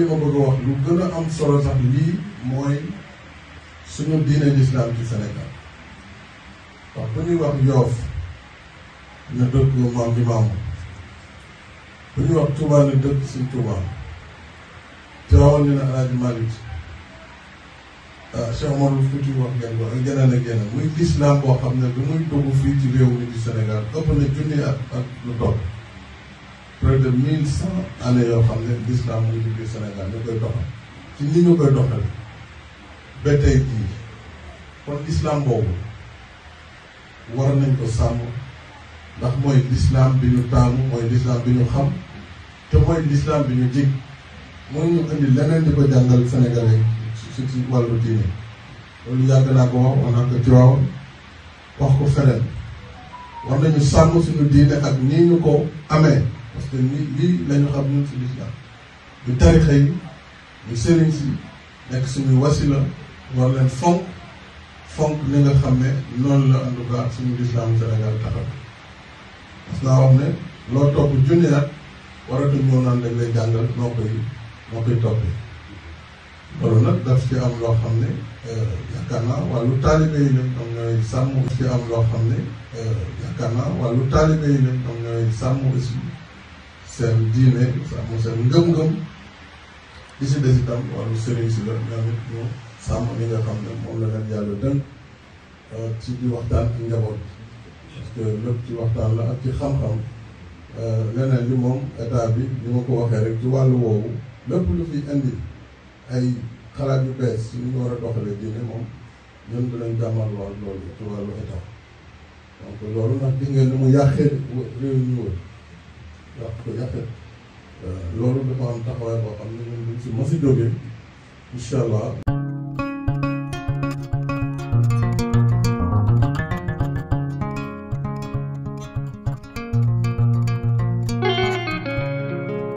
li ma bëgg a wax lu gën a am solo sax lii mooy suñu diine lislaam ci Sénégal wax bu ñuy wax Yoof na dëkk maam bi maamu bu ñuy wax Touba na dëkk suñ Touba Tiwaawan ni na Alaaji Malick ah, Cheikh Omarou Fouti wax ngeen ko ak geneen ak geneen muy lislaam boo xam ne lu muy dugg fii ci réew mi di ëpp na junni ak ak lu toll près de mille cent années yoo xam ne l'islam mu ngi ci biir Sénégal ñu koy doxal ci ni ñu koy doxal ba tey jii kon islam boobu war nañ ko ndax mooy l'islam bi ñu taamu mooy l'islam bi ñu xam te mooy l'islam bi ñu jig mooy ñu indi leneen di ko jàngal sénégalais su ci wàllu diine loolu yàgg na ko wax wax naa ko ci waaw wax ko feneen war ak nii ñu ko amee parce que li lii la ñu fi ñun si lislaam du tarixa yi du sëriñ si nekk suñuy wasila war leen fonk fonk li nga xam ne noonu la en tout suñu lislaam Sénégal taxaw parce que naa wax naan dañ lay jàngal noo koy noo koy toppee loolu daf ci am loo xam ne euh, yaakaar naa wàllu taalibe yi la ñoom ñooy sàmm ci euh, naa wàllu taalibe yi seen diine sàmm seen ngëm-ngëm li si des itam wàllu sëriñ si la ñoom it ñu sàmm li nga xam ne moom la leen yàlla dënk euh, ci di waxtaan ci njaboot parce que ci waxtaan la ak ci xam-xam euh, leneen li moom état bi ñu ma ko waxee rek ci wàllu woowu lépp lu fi indi ay xalaat yu bees yu ñu war a doxalee diine moom ñun dinañ jàmmal lool loolu ci wàllu état donc loolu nag di ngeen ni mu yàqee réew ñu wër yàq ko yàqet loolu dafa am taxawaay boo xam ne ñun duñ si mos a jógee incha allah.